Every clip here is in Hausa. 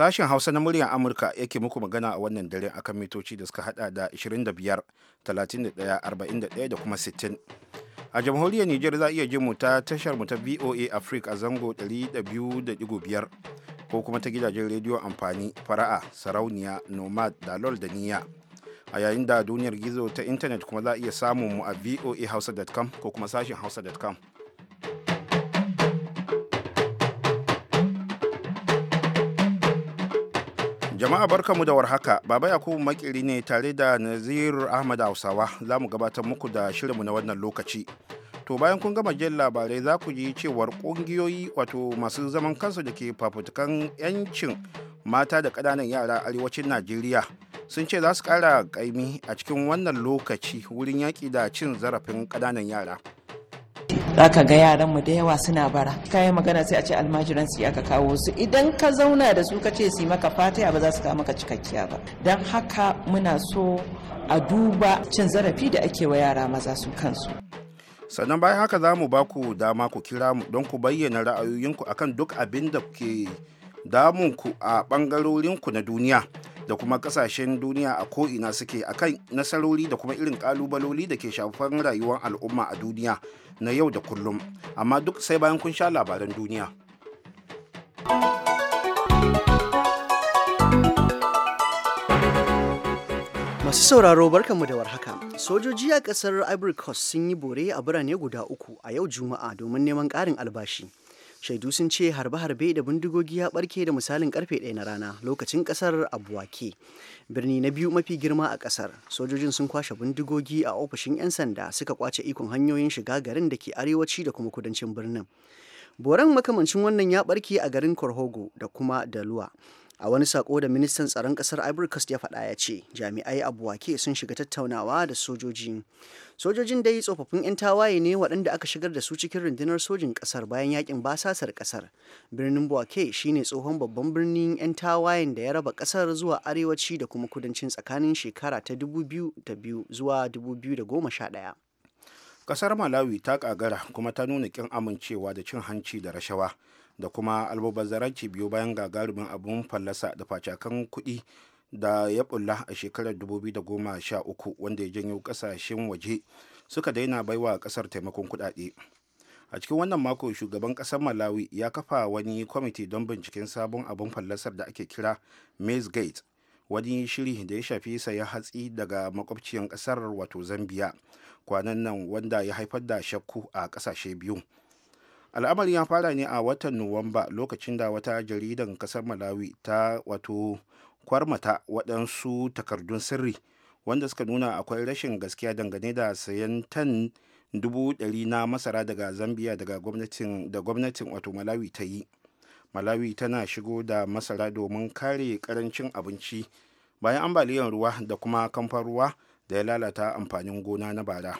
Sashen Hausa na muryar Amurka yake muku magana a wannan dare kan mitoci da suka hada da 25, 31, 41 da kuma 60. A jamhuriyar Nijar za a iya jin mu ta tashar mu ta VOA Africa a zango 200.5 ko kuma ta gidajen rediyo amfani fara'a, sarauniya, nomad, dalol da niyya. A yayin da duniyar gizo ta intanet kuma za a iya samun mu a voahausa.com ko kuma sashen hausa.com. Jama'a barkamu da warhaka, Baba Yakubu Makiri ne tare da Nazir Ahmad Hausawa za mu gabatar muku da shirinmu na wannan lokaci. To bayan kun gama jin labarai za ku ji cewar ƙungiyoyi wato masu zaman kansu da ke fafutukan 'yancin mata da ƙananan yara arewacin Najeriya sun ce za su ƙara ƙaimi a cikin wannan lokaci wurin yaƙi da cin zarafin ƙananan yara. za ka ga yaranmu da yawa suna bara kayan magana sai a ce almajiran su aka kawo su idan ka zauna da su ka ce su maka fataya ba za su kawo maka cikakkiya ba don haka muna so a duba cin zarafi da ake wa yara maza su kansu sannan bayan haka za mu ba ku dama ku kira mu don ku bayyana ra'ayoyinku akan duk abin da ke ku a bangarorinku na duniya da kuma kasashen duniya a ko'ina suke a kan nasarori da kuma irin kalubaloli da ke shafar rayuwar al'umma a duniya na yau da kullum amma duk sai bayan kun sha labaran duniya masu sauraro barkanmu da warhaka sojoji a kasar ivory coast sun yi bore a birane guda uku a yau juma'a domin neman ƙarin albashi shaidu sun ce harbe-harbe da bindigogi ya barke da misalin karfe ɗaya na rana lokacin kasar abuwake birni na biyu mafi girma a kasar sojojin sun kwashe bindigogi a ofishin 'yan sanda suka kwace ikon hanyoyin shiga garin da ke arewaci da kuma kudancin birnin boran makamancin wannan ya barke a garin korhogo da kuma daluwa a wani sako da ministan tsaron kasar ivory coast ya faɗa ya ce jami'ai a buwake sun shiga tattaunawa da sojoji sojojin dai tsofaffin 'yan tawaye ne waɗanda aka shigar da su cikin rundunar sojin kasar bayan yakin basasar kasar birnin buwake shine tsohon babban birnin 'yan tawayen da ya raba kasar zuwa arewaci da kuma kudancin tsakanin shekara ta 2002 zuwa 2011 kasar malawi ta kagara kuma ta nuna kin amincewa da cin hanci da rashawa da kuma almubazzaranci biyu bayan gagarumin abun fallasa da facakan kuɗi da ya bulla a shekarar 2013 wanda ya janyo kasashen waje suka daina baiwa kasar taimakon kuɗaɗe a cikin wannan mako shugaban kasar malawi ya kafa wani kwamiti don binciken sabon abun fallasar da ake kira maize gate wani shiri da ya shafi sayan hatsi daga makwabciyar kasar wato zambia kwanan nan wanda ya haifar da shakku a kasashe biyu al'amarin ya fara ne a watan nuwamba lokacin da wata jaridan kasar malawi ta wato kwarmata waɗansu takardun sirri wanda suka nuna akwai rashin gaskiya dangane da sayan tan dubu ɗari na masara daga zambia daga gwamnatin da gwamnatin wato malawi ta yi malawi tana shigo da masara domin kare karancin abinci bayan ambaliyar ruwa da kuma kamfan ruwa da ya lalata amfanin gona na bara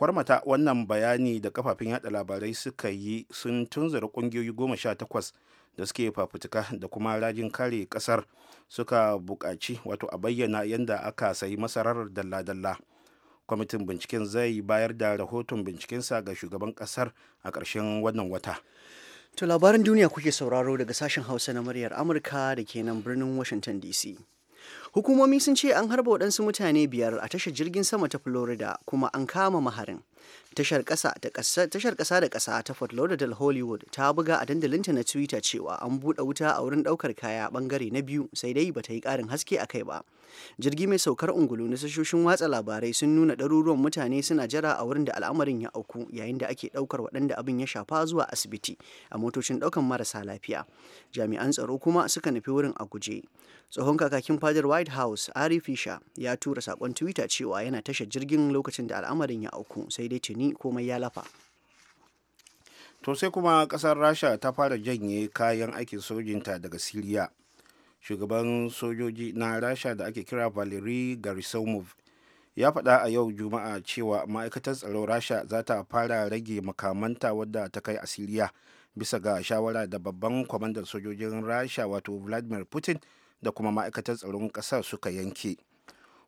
kwarmata wannan bayani da kafafen yada labarai suka yi sun tunzura kungiyoyi goma sha takwas da suke fafutuka da kuma rajin kare kasar suka buƙaci wato a bayyana yadda aka sayi masarar dalla-dalla kwamitin binciken zai bayar da rahoton bincikensa ga shugaban kasar a ƙarshen wannan wata to labarin duniya kuke sauraro daga sashen hausa na muryar amurka da ke nan birnin washington dc Hukumomi sun ce an harba waɗansu mutane biyar a tashar jirgin sama ta Florida kuma an kama maharin. tashar ƙasa da ƙasa ta fort lauderdale hollywood ta buga a dandalinta na twitter cewa an buɗe wuta a wurin ɗaukar kaya ɓangare na biyu sai dai bata yi ƙarin haske a kai ba jirgi mai saukar ungulu na sashoshin watsa labarai sun nuna ɗaruruwan mutane suna jira a wurin da al'amarin ya auku yayin da ake ɗaukar waɗanda abin ya shafa zuwa asibiti a motocin ɗaukan marasa lafiya jami'an tsaro kuma suka nufi wurin a guje tsohon kakakin fadar white house ari fisher ya tura saƙon twitter cewa yana tashar jirgin lokacin da al'amarin ya auku sai dai watanni komai ya lafa to sai kuma kasar rasha ta fara janye kayan aikin sojinta daga siriya shugaban sojoji na rasha da ake kira valery garisomov ya faɗa a yau juma'a cewa ma'aikatar tsaro rasha za ta fara rage makamanta wadda ta kai a siriya bisa ga shawara da babban kwamandan sojojin rasha wato vladimir putin da kuma ma'aikatar tsaron ƙasar suka yanke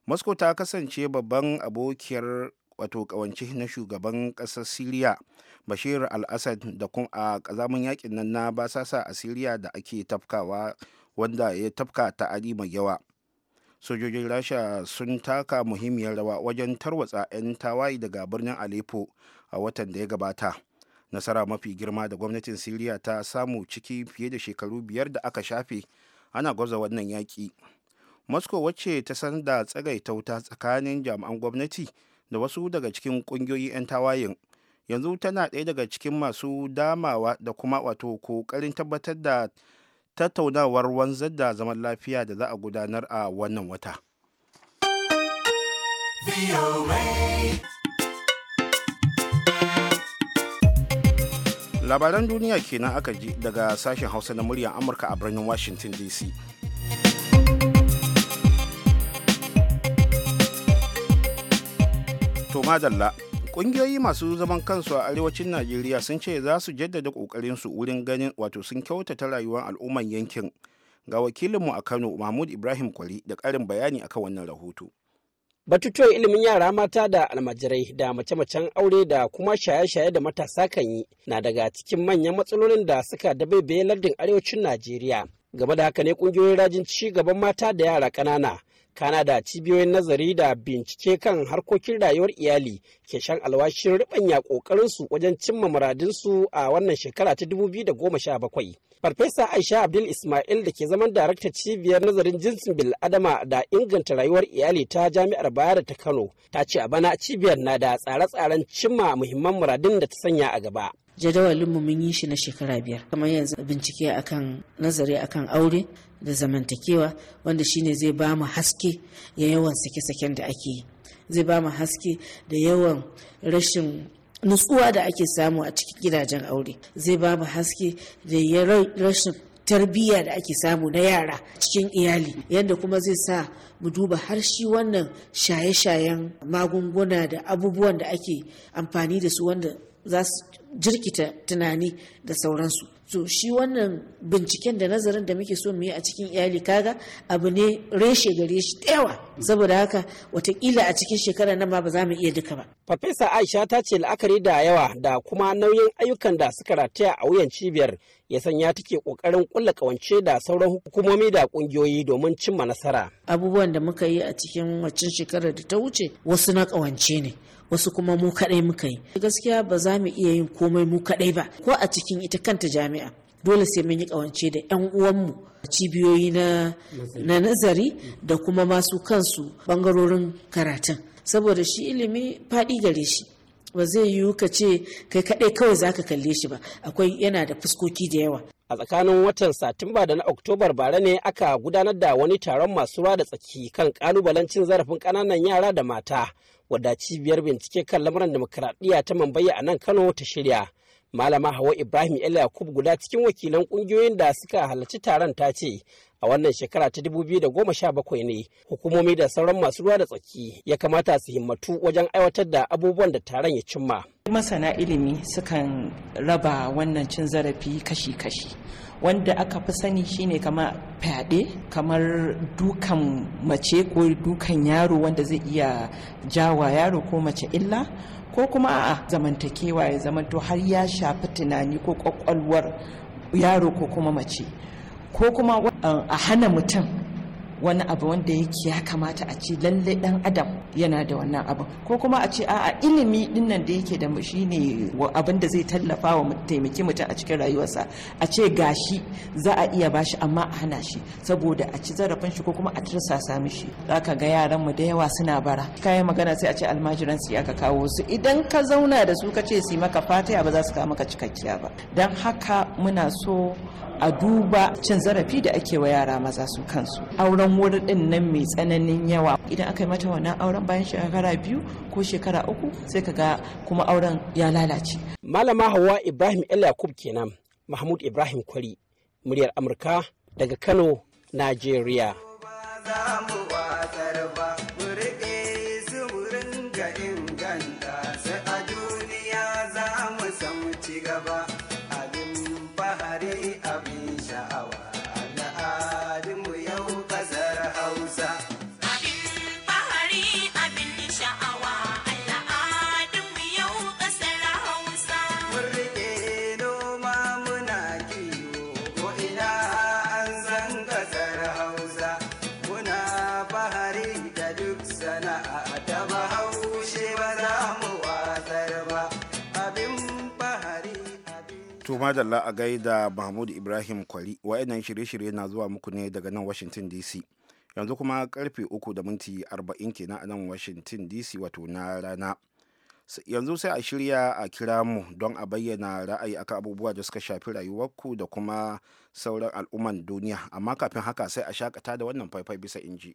moscow ta kasance babban abokiyar wato kawance na shugaban ƙasar siriya bashir al-assad da kuma a ƙazamin yakin nan na basasa a siriya da ake tafkawa wanda ya tafka ta ali mai yawa sojojin rasha sun taka muhimmiyar rawa wajen tarwatsa 'yan tawaye daga birnin aleppo a watan da ya gabata nasara mafi girma da gwamnatin siriya ta samu ciki fiye da shekaru biyar da aka shafe ana gwaza wannan yaƙi moscow wacce ta sanar da tsagaita wuta tsakanin jami'an gwamnati da wasu daga cikin kungiyoyi 'yan tawayen yanzu tana ɗaya daga cikin masu damawa da kuma wato kokarin tabbatar da tattaunawar wanzar da zaman lafiya da za a gudanar a wannan wata. Labaran duniya kenan aka ji daga sashen Hausa na muryar Amurka a birnin Washington DC. to madalla kungiyoyi masu zaman kansu a arewacin najeriya sun ce za su jaddada kokarinsu wurin ganin wato sun kyautata rayuwar al'umman yankin ga wakilinmu a kano mahmud ibrahim kwari da karin bayani akan wannan rahoto batutuwan ilimin yara mata da almajirai da mace-macen aure da kuma shaye-shaye da matasa kan yi na daga cikin manyan matsalolin da suka dabaibaye lardin arewacin najeriya game da haka ne kungiyoyin rajin ci gaban mata da yara ƙanana kana da cibiyoyin nazari da bincike kan harkokin rayuwar iyali ke shan alwashin ribanya su wajen cimma muradinsu a wannan shekara ta 2017 farfesa aisha abdul ismail da ke zaman darakta cibiyar nazarin jinsin Adama da inganta rayuwar iyali ta jami'ar bayar ta kano ta ce a bana cibiyar na da tsare-tsaren cimma muhimman muradin da ta sanya a gaba Jadawalin mu mun yi shi na shekara biyar kamar yanzu bincike akan nazari akan aure da zamantakewa wanda shine zai ba mu haske ya yawan sake-saken da ake yi zai ba mu haske da yawan rashin nutsuwa da ake samu a cikin gidajen aure zai ba mu haske da rashin tarbiyya da ake samu na yara cikin iyali yadda kuma zai sa mu duba har shi wannan shaye-shayen magunguna da abubuwan da ake amfani da su wanda za su jirkita tunani da sauransu so shi wannan binciken da nazarin da muke so mu yi a cikin iyali kaga abu ne reshe gare shi yawa saboda haka watakila a cikin shekara nan ma ba za mu iya duka ba farfesa aisha ta ce la'akari da yawa da kuma nauyin ayyukan da suka rataya a wuyan cibiyar ya sanya take kokarin kulla kawance da sauran hukumomi da kungiyoyi domin cimma nasara abubuwan da muka yi a cikin waccan shekarar da ta wuce wasu na kawance ne wasu kuma mu kaɗai muka yi gaskiya ba za mu iya yin komai mu kaɗai ba ko a cikin ita kanta jami'a dole sai mun yi kawance da 'yan uwanmu cibiyoyi na nazari da kuma masu kansu bangarorin karatun saboda shi ilimi faɗi gare shi ba zai yiwu ka ce kai kaɗai kawai za ka kalle shi ba akwai yana da fuskoki da yawa a tsakanin watan satumba da na oktobar bara ne aka gudanar da wani taron masu ruwa da tsaki kan kalubalen cin zarafin ƙananan yara da mata wadda cibiyar bincike kan lamuran demokuraɗiyya ta mambaya a nan kano ta shirya malama hawa ibrahim el yakub guda cikin wakilan kungiyoyin da suka halarci taron ta ce a wannan shekara ta dubu biyu da goma sha bakwai ne hukumomi da sauran masu ruwa da tsaki ya kamata su himmatu wajen aiwatar da abubuwan da taron ya cimma masana ilimi sukan raba wannan cin zarafi kashi-kashi wanda aka fi sani shine kamar fyaɗe kamar dukan mace ko dukan yaro wanda zai iya jawa yaro ko mace illa ko kuma a zamantakewa ya zamanto har ya shafi tunani ko kwakwalwar yaro ko kuma mace ko kuma a hana mutum wani abu wanda yake ya kamata a ce lalle dan adam yana da wannan abu ko kuma a ce a'a ilimi dinnan da yake da shi ne abin da zai tallafa wa taimaki mutum a cikin rayuwarsa a ce gashi za a iya bashi amma a hana shi saboda a ci zarafin shi ko kuma a tursasa mishi zaka ga yaran mu da yawa suna bara kayan magana sai a ce almajiran su aka kawo su idan ka zauna da su ka ce su yi maka fataya ba za su kawo maka cikakkiya ba don haka muna so a duba cin zarafi da ake wa yara maza su kansu auren wuri din nan mai tsananin yawa idan aka yi mata wannan auren bayan shekara biyu ko shekara uku sai ka ga kuma auren ya lalace malama hawa ibrahim el yakub kenan mahmud ibrahim kwari muryar amurka daga kano najeriya kuma da a gaida mahmud ibrahim kwari wa'annan shirye-shirye na zuwa muku ne daga nan washington dc yanzu kuma karfe uku da minti arba'in kenan a nan washington dc wato na rana yanzu sai a shirya a kira mu don a bayyana ra'ayi akan abubuwa da suka shafi rayuwarku da kuma sauran al'umman duniya amma kafin haka sai a shakata da wannan faifai bisa inji.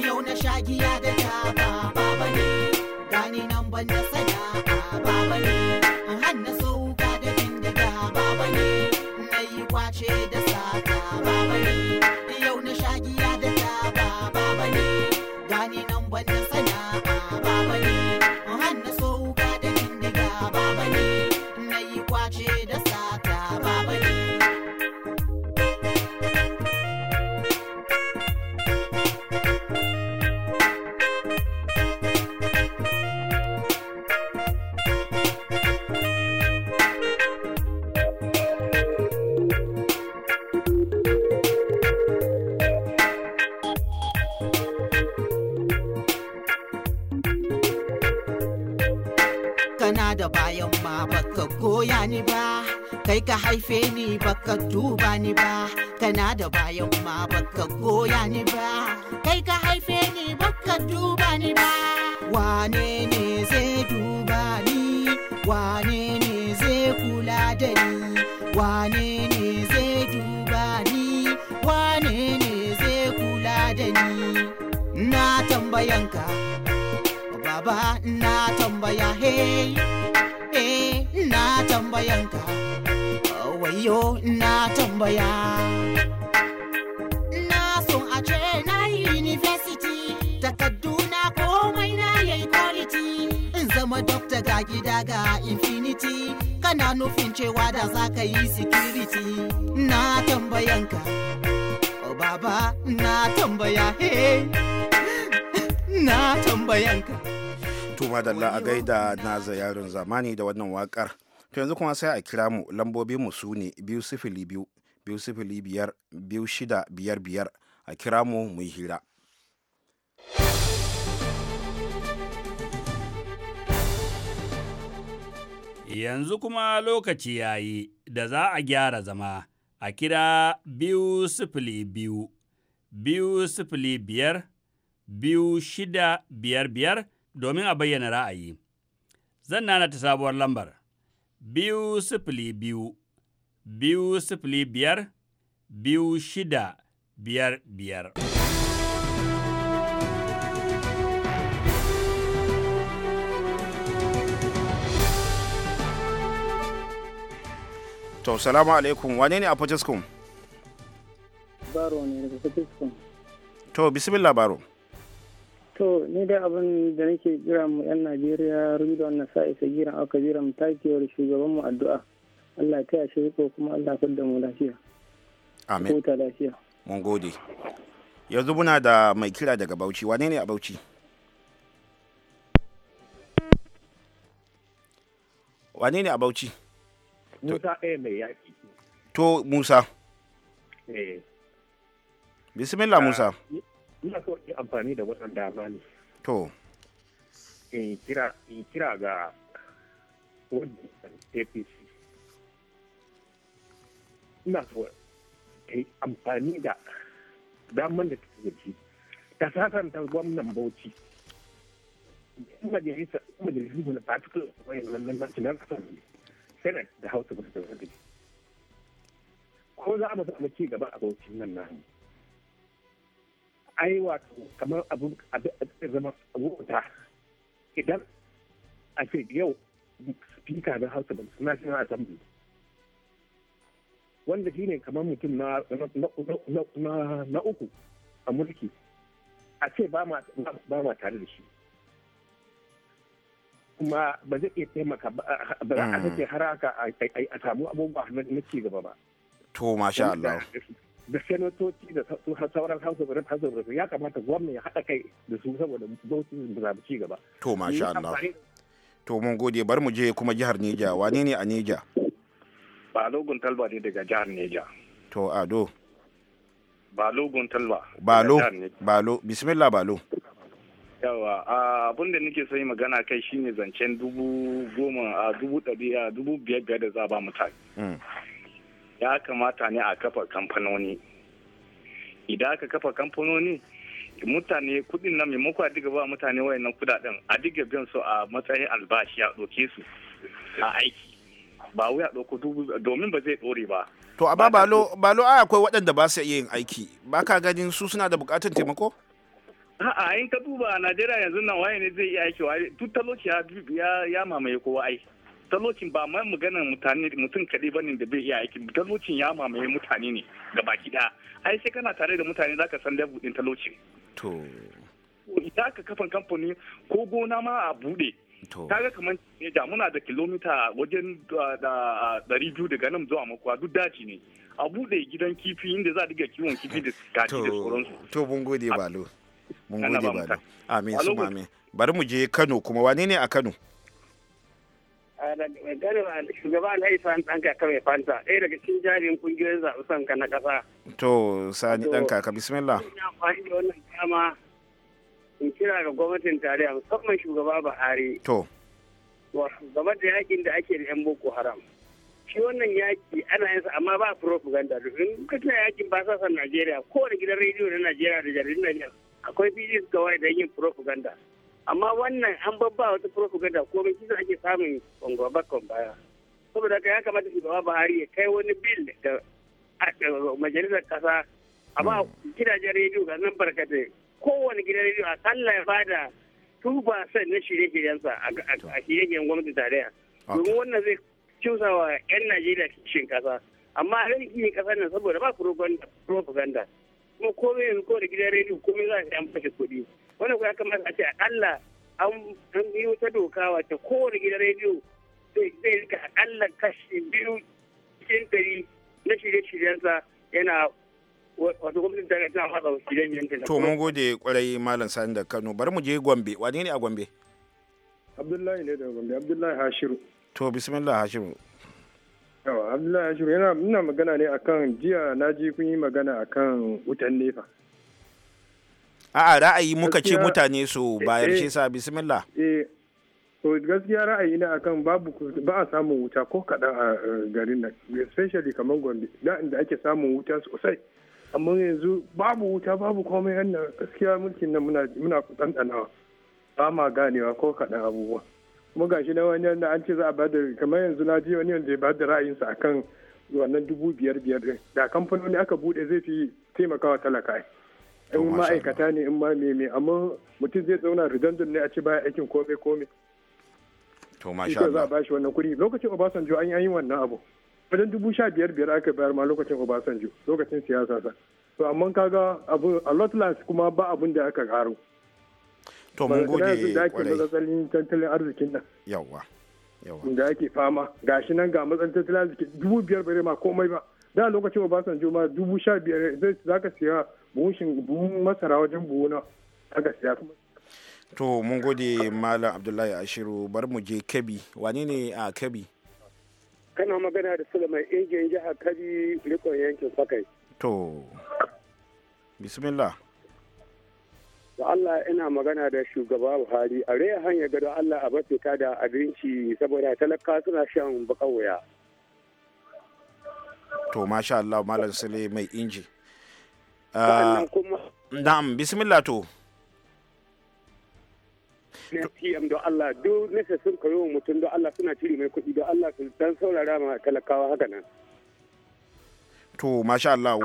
yau na sha giya da taba baba ne gani nan ban na sana'a baba ne an hannasa kana da bayan ma baka koya ni ba kai ka haife ni baka duba ni ba kana da bayan ma baka koya ni ba kai ka haife ni baka duba ni ba wane ne zai duba ni wane ne zai kula da ni wane ne zai duba ni wane ne zai kula da ni na tambayanka baba na tambaya he eh na tambayanka wayo na tambaya na son a ce na yi university takarduna komai na yayi quality in zama dokta ga gida ga infinity kana nufin cewa da za ka yi security na tambayanka baba na tambaya he na tambayanka to madalla a gaida na yaron zamani da wannan wakar to yanzu kuma sai a kira mu lambobin mu su ne biyu sifili biyu biyu sifili biyar biyu shida biyar biyar a kira mu mu hira yanzu kuma lokaci ya yi da za a gyara zama a kira biyu sifili biyu biyu sifili biyar biyu shida biyar biyar domin a bayyana ra'ayi. Zan nana ta sabuwar lambar biyu sifili biyu, biyu sifili biyar, biyu shida biyar biyar. To, salamu alaikum, wane ne a Fatiskun? Baro ne daga To, bismillah Baro. to ni dai abin da nake jira mu yan najeriya rubuta wannan sa isa giran aka jira mu takewar shugabanmu addu'a allah ta yashe ko kuma allah ya da mu lafiya amin ta lafiya mun gode yanzu muna da mai kira daga bauchi wane ne a bauchi wane ne a bauchi musa ɗaya mai yaƙi to musa eh bismillah ah, musa ina so in amfani da wannan dama ne to in kira ga wannan APC ina so ta yi amfani da damar da take da shi ta sasanta gwamnan Bauchi majalisa majalisa da particular wayan nan national assembly senate da house of representatives ko za mu samu ci gaba a bauchin nan namu ai wato kamar abin zama wuta idan a ce yau spika na hausa da national assembly wanda shi ne kamar mutum na uku a mulki a ce ba ma tare da shi kuma ba zai iya taimaka ba hmm. a a har haka a samu abubuwa na ci gaba ba to masha Allah da senatoci da sauran House hausa Reps ya kamata gwamna ya haɗa kai da su saboda bautin da ci gaba. To masha Allah. To mun gode bar mu je kuma jihar Neja wane ne a Neja? Balogun Talba ne daga jihar Neja. To Ado. Balogun Talba. Balo. Balo. Bismillah Balo. yawa abin da nake so yi magana kai shine zancen dubu goma a dubu ɗari a dubu biyar biyar da za a ba mutane. Mm. ya kamata ne a kafa kamfanoni idan aka kafa kamfanoni mutane kudin na maimakon a diga ba mutane wayannan kudaden a diga biyan su a matsayin albashi a ɗauke su a aiki ba wai a ɗauko dubu domin ba zai ɗore ba to amma balo balo a akwai waɗanda ba su iya yin aiki ba ka ganin su suna da buƙatar taimako a'a in ka duba a najeriya yanzu nan waye ne zai iya aiki waye duk talauci ya mamaye kowa aiki talocin ba ma maganar mutane mutum kaɗai ba ne da bai iya aikin talocin ya mamaye mutane ne ga baki ɗaya ai sai kana tare da mutane zaka san da buɗin talocin to idan ka kafan kamfani ko gona ma a buɗe kaga kamar da muna da kilomita wajen dari biyu daga nan zuwa makwa duk daji ne a buɗe gidan kifi inda za a kiwon kifi da kaji da sauransu to mun gode balo mun gode balo amin su amin bari mu je kano kuma wane ne a kano shugaba alhaji Haifa dan kaka mai fanta ɗaya daga cikin jami'in kungiyoyin zaɓe sanka na ƙasa. to sani ɗan kaka bismillah. ina amfani da wannan dama in kira ga gwamnatin tarayya musamman shugaba buhari. to. Wa game da yakin da ake da 'yan boko haram. shi wannan yaki ana yin sa amma ba propaganda domin kuka tuna yakin ba sa san Najeriya kowane gidan rediyo na Najeriya da jaridun Najeriya akwai bidiyo suka ware da yin propaganda. amma wannan an babba wata propaganda komai kisa ake samun kwango bakon baya saboda haka ya kamata gaba buhari ya kai wani bil da majalisar kasa amma gidajen rediyo ga nan barkatai kowane gidan rediyo a kalla ya bada tuba san na shirye-shiryensa a shirye-shiryen gwamnati tarayya domin wannan zai cusa wa 'yan najeriya shin kasa amma a rikin kasar nan saboda ba propaganda kuma komai yanzu ko da gidan rediyo komai za a sayan an fashe kuɗi wannan ko ya kamata a ce akalla an yi wata doka wata kowane gidan rediyo zai rika akalla kashi biyu cikin ɗari na shirye-shiryensa yana wato gwamnatin ta tana matsa shirye to mun gode kwarai malam sani da kano bari mu je gombe wani ne a gombe abdullahi ne da gombe abdullahi hashiru to bismillah hashiru Yawa Abdullahi Ashiru yana ina magana ne akan jiya na ji kun yi magana akan wutan nefa. A'a ra'ayi muka ce mutane su eh, bayar eh. shi sa bismillah. Eh, to gaskiya ra'ayi na akan babu ba a samun wuta ko kaɗan a garin nan especially kamar Gombe da inda ake samun wuta sosai. amma yanzu babu wuta babu komai yan gaskiya mulkin nan muna muna ɗanɗanawa ba ma ganewa ko kaɗan abubuwa. kuma gashi na wani an ce za a bada kamar yanzu na ji wani wanda ya bada ra'ayinsa akan wannan dubu biyar biyar din da kamfanoni aka bude zai fi taimakawa talaka in ma'aikata ne in ma me me amma mutum zai zauna redundant ne a ci baya aikin komai komai to masha Allah za a bashi wannan kuɗi lokacin Obasanjo an yi wannan abu wajen dubu sha biyar biyar aka bayar ma lokacin Obasanjo lokacin siyasa sa to amma kaga abu a lot kuma ba abun da aka karo to mun gode kwarai da ake matsalolin tattalin arzikin nan yawa yawa da ake fama gashi nan ga matsan tattalin arziki dubu biyar bare ma komai ba da lokacin basan juma dubu sha biyar za ka siya buhun masara wajen buhu na za ka siya kuma to mun gode malam abdullahi ashiru bar mu je kabi wani ne a kabi kana magana da suleiman injin jihar kabi rikon yankin fakai to bismillah da Allah ina magana da shugaba Buhari a raya hanya ga Allah a ka da abinci saboda talaka suna shan bakawaya. To masha Allah Malam Sule mai inji. Ah, na'am bismillah to. na PM don Allah duk nasa sun kayo mutum don Allah suna ciri mai kuɗi don Allah su dan saurara ma talakawa haka nan. To masha Allah.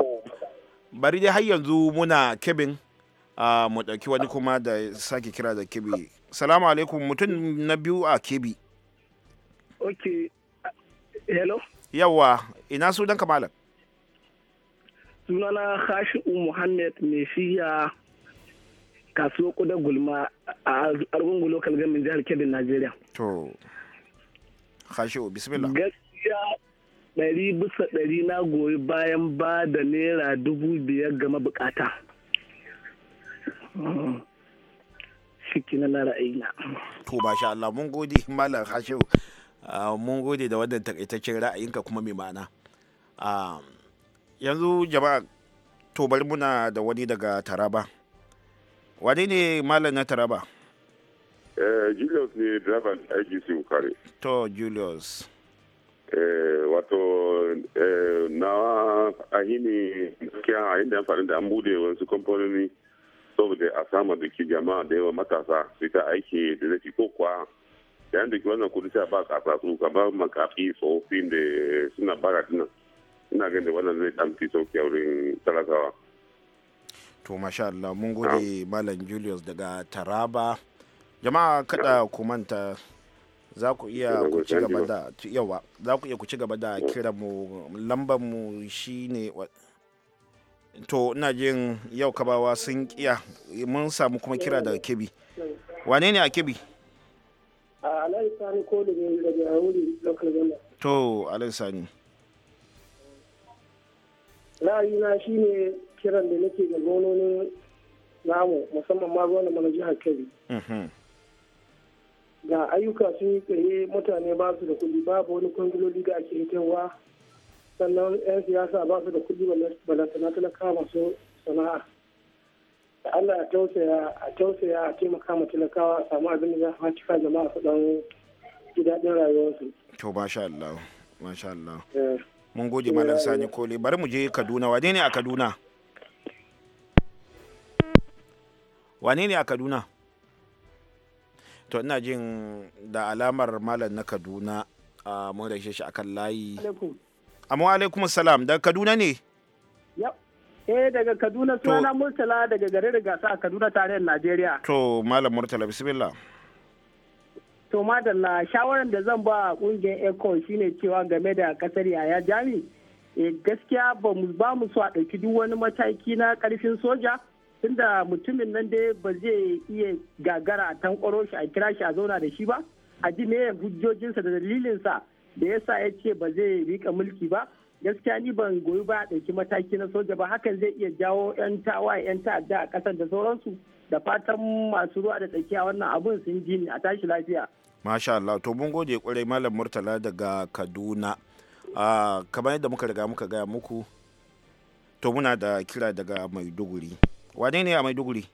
Bari dai har yanzu muna kebin Ah, mu ɗauki wani kuma da sake kira da kebi salamu alaikum mutum na biyu a kebi ok hello yawa ina su dan kamalan sunana hashi muhammad mai shiya kasuwar kuda gulma a argungu local government jihar kebbi nigeria to hashi'u bismillah gaskiya ɗari bisa ɗari na goyi bayan ba da naira dubu biyar ga mabukata Shiki na ra'ayina. To ba sha Allah mun gode Malam Hashiu ah, mun gode da wannan takaitaccen ra'ayinka kuma mai ma'ana. Ah, yanzu jama'a to bari muna da wani daga Taraba. Wani ne Malam na Taraba? Eh, Julius ne driver IGC Bukare. To Julius. Eh, wato eh, na ahini gaskiya a inda faɗin da an bude wasu kamfanoni saboda a sama da jama'a da yawa matasa su ta aiki da zafi ko kuwa yayin da ke wannan kudi sai ba kasa su kamar makafi tsofaffin da suna bara suna ina da wannan zai damfi sauki a wurin talakawa. to masha Allah mun gode malam Julius daga Taraba jama'a kada ku manta za ku iya ku ci gaba da yawa za ku iya ku ci gaba da kiran mu lambar mu shine to ina jin yau kabawa sun kiya mun samu kuma kira daga kebi wane ne a kebi to alhaji sani ra'ayina shi ne kiran da nake da gononin namu musamman ma mana jihar kebi mm-hmm. ga ayyuka sun yi tsaye mutane ba su da kuɗi babu wani kwangiloli da ake hitarwa sannan 'yan siyasa ba su da kuɗi balantana talaka masu sana'a da allah a tausaya a tausaya a taimaka ma talakawa a samu abin da za a cika jama'a su dan gidaɗin rayuwarsu. to masha allah masha allah eh. mun goge malam sani eh. kole bari mu je kaduna wane ne a kaduna wane ne a kaduna to ina jin da alamar malam na kaduna ah, a mu da shi akan layi Amma alaikum salam daga Kaduna ne? Eh daga Kaduna sunana Murtala daga garin Gasa a Kaduna tarayyar Najeriya. To Malam Murtala bismillah. To madalla shawaran da zan ba kungiyar ECO shine cewa game da kasar yaya jami eh, gaskiya ba mu ba mu so a ɗauki duk wani mataki na ƙarfin soja tunda mutumin nan dai ba zai iya gagara a tankwaro shi a kira shi a zauna da shi ba a ji me hujjojinsa da dalilinsa da yasa ya ce ba zai rika mulki ba gaskiya ni ban goyi ba ɗauki mataki na soja ba hakan zai iya jawo 'yan tawaye 'yan ta'adda a ƙasar da sauransu da fatan masu ruwa da tsakiya wannan abun sun ji a tashi lafiya. Masha Allah to mun gode kwarai Malam Murtala daga Kaduna. kamar yadda muka riga muka gaya muku to muna da kira daga Maiduguri. Wane ne a Maiduguri?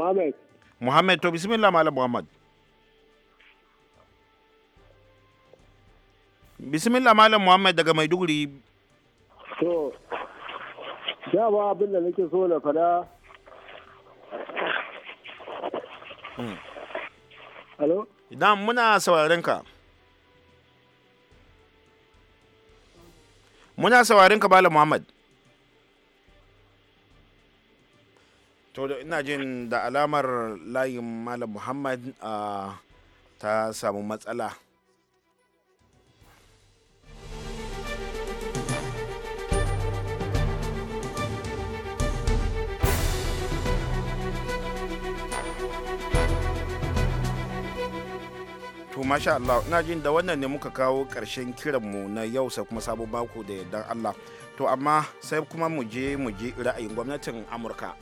Muhammad. Muhammad to bismillah Malam Muhammad. bismillah malam muhammad daga maiduguri to dama abin da nake so na fada hmm. Alo? Idan muna sauraron ka. Muna sauraron ka malam Muhammad. To da ina jin da alamar layin Malam Muhammad ah, ta samu matsala. to masha Allah ina jin da wannan ne muka kawo ƙarshen kiranmu na yau sai kuma sabo bako da yardar Allah to amma sai kuma mu je mu je ra'ayin gwamnatin Amurka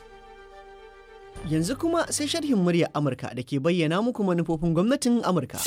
yanzu kuma sai sharhin murya Amurka da ke bayyana muku manufofin gwamnatin Amurka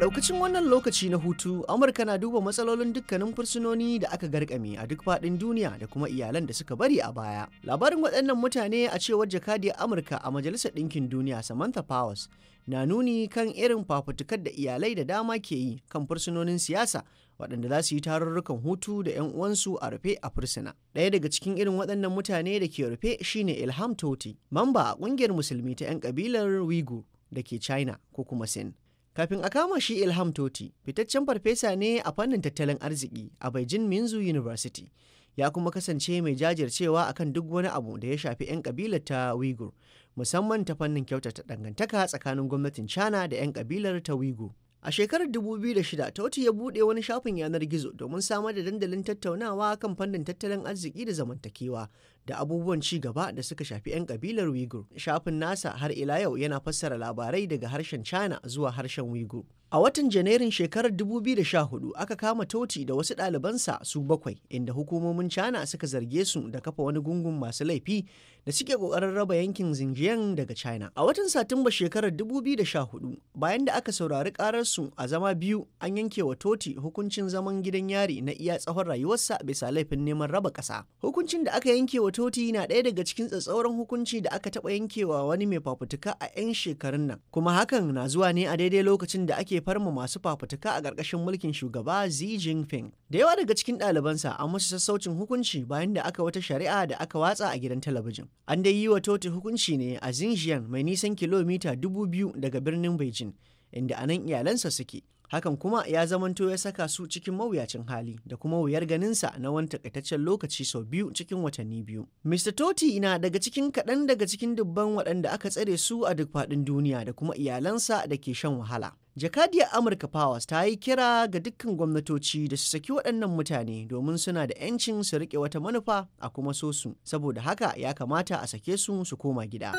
A wannan lokaci na hutu, Amurka na duba matsalolin dukkanin fursunoni da aka garkame a duk fadin duniya da kuma iyalan da suka bari a baya. Labarin waɗannan mutane a cewar jakadiyar Amurka a Majalisar Ɗinkin Duniya Samantha Powers na nuni kan irin fafutukar da iyalai da dama ke yi kan fursunonin siyasa waɗanda za su yi tarurrukan hutu da 'yan uwansu a rufe a fursuna. Ɗaya daga cikin irin waɗannan mutane da ke rufe shine Ilham Toti, mamba a ƙungiyar musulmi ta 'yan kabilar Uyghur da ke China ko kuma Sin. Kafin a kama shi Ilham Toti, fitaccen farfesa ne a fannin tattalin arziki a Beijing Minzu University. Ya kuma kasance mai jajircewa akan duk wani abu da ya shafi 'yan kabilar ta Uyghur, musamman ta fannin kyautata dangantaka tsakanin gwamnatin China da 'yan kabilar ta Uyghur. A shekarar 2006, Toti ya buɗe wani shafin yanar gizo domin samar da dandalin tattaunawa kan fannin tattalin arziki da zamantakewa da abubuwan ci gaba da suka shafi 'yan kabilar Uyghur. Shafin nasa har ila yau yana fassara labarai daga harshen China zuwa harshen Uyghur. A watan Janairun shekarar 2014 aka kama Toti da wasu ɗalibansa su bakwai inda hukumomin China suka zarge su da kafa wani gungun masu laifi da suke ƙoƙarin raba yankin Xinjiang daga China. A watan Satumba shekarar 2014 bayan da aka saurari ƙararsu a zama biyu an yanke wa Toti hukuncin zaman gidan yari na iya tsawon rayuwarsa bisa laifin neman raba ƙasa. Hukuncin da aka yanke wa fatoti na ɗaya daga cikin tsatsauran hukunci da aka taɓa yankewa wani mai fafutuka a 'yan shekarun nan kuma hakan na zuwa ne a daidai lokacin da ake farma masu fafutuka a ƙarƙashin mulkin shugaba Xi Jinping. Da yawa daga cikin ɗalibansa an musu sassaucin hukunci bayan da aka wata shari'a da aka watsa a gidan talabijin. An dai yi wa Toti hukunci ne a Xinjiang mai nisan kilomita dubu biyu daga birnin Beijing inda anan iyalansa suke. hakan kuma ya zamanto ya saka su cikin mawuyacin hali da kuma wuyar ganinsa na wani takaitaccen lokaci sau biyu cikin watanni biyu. Mr. Toti na daga cikin kaɗan daga cikin dubban waɗanda aka tsare su a duk faɗin duniya da kuma iyalansa da ke shan wahala. Jakadiyar Amurka Powers ta yi kira ga dukkan gwamnatoci da su saki waɗannan mutane domin suna da 'yancin su rike wata manufa a kuma so su, saboda haka ya kamata a sake su su koma gida.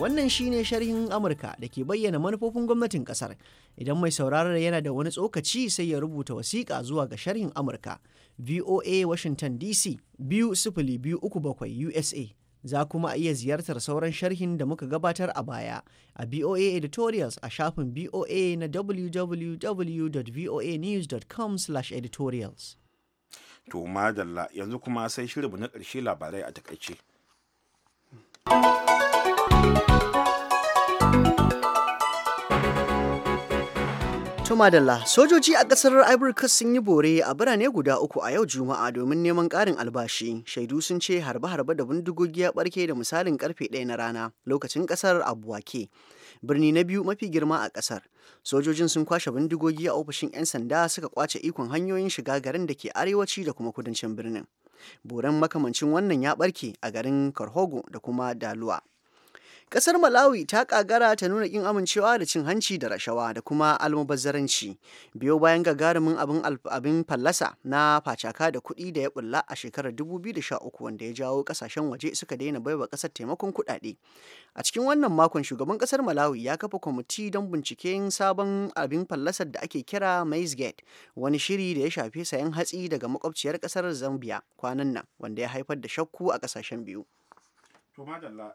Wannan shi ne sharhin Amurka da ke bayyana manufofin gwamnatin kasar. Idan mai sauraron yana da wani tsokaci sai ya rubuta wasiƙa zuwa ga sharhin Amurka. VOA Washington DC biyu sifili biyu uku bakwai USA. Za kuma a iya ziyartar sauran sharhin da muka gabatar a baya a BOA editorials a shafin BOA na www.voanews.com/editorials. To madalla yanzu kuma sai shirin na ƙarshe labarai a takaice. To madalla, sojoji a kasar Ivory Coast sun yi bore a birane guda uku a yau Juma'a domin neman ƙarin albashi. Shaidu sun ce harbe-harbe da bindigogi ya barke da misalin karfe ɗaya na rana lokacin kasar Abuwake, birni na biyu mafi girma a kasar. Sojojin sun kwashe bindigogi a ofishin 'yan sanda suka kwace ikon hanyoyin shiga garin da ke arewaci da kuma kudancin birnin. boren makamancin wannan ya barke a garin Karhogo da kuma Daluwa. Kasar Malawi ta kagara ta nuna kin amincewa da cin hanci da rashawa da kuma almubazzaranci biyo bayan gagarumin abin abin fallasa na facaka da kuɗi da ya bulla a shekarar 2013 wanda ya jawo kasashen waje suka daina baiwa kasar taimakon kuɗaɗe. A cikin wannan makon shugaban kasar Malawi ya kafa kwamiti don binciken sabon abin fallasar da ake kira Maize Gate, wani shiri da ya shafi sayan hatsi daga makwabciyar kasar Zambia kwanan nan wanda ya haifar da shakku a kasashen biyu.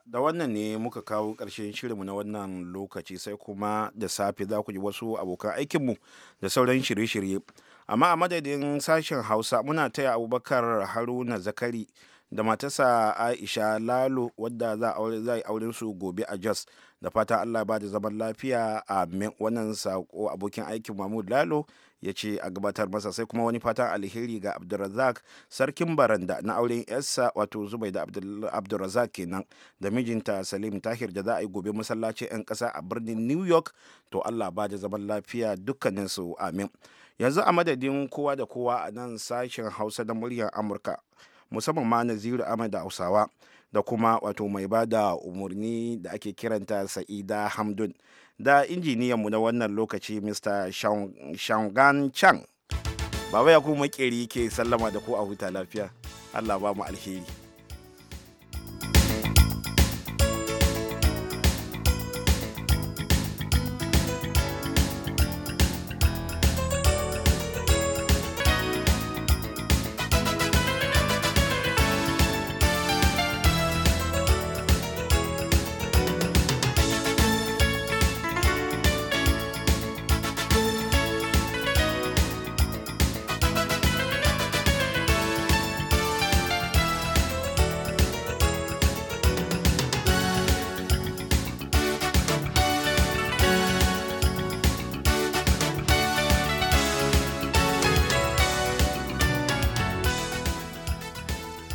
da wannan ne muka kawo ƙarshen shirinmu na wannan lokaci sai kuma da safe za ku ji wasu abokan aikinmu da sauran shirye-shirye amma a madadin sashen hausa muna taya abubakar haruna zakari da matasa aisha lalo wadda za a yi auren su gobe a jos da fata allah ba da zaman lafiya a wannan sako abokin aikin mahmud lalo ya ce a gabatar masa sai kuma wani fatan alheri ga abdulrazak sarkin baranda na auren yarsa wato zubai da abdulrazak kenan da mijinta salim tahir da za a yi gobe masallacin 'yan ƙasa a birnin new york to allah ba da zaman lafiya dukkanin su amin yanzu a madadin kowa da kowa a nan sashen hausa da muryar amurka musamman ma naziru ahmad da hausawa da kuma wato mai bada da umarni da ake kiranta sa'ida hamdun da injiniyanmu na wannan lokaci mr shangan chang baba ya kuma ke sallama da ku a huta lafiya allah ba mu alheri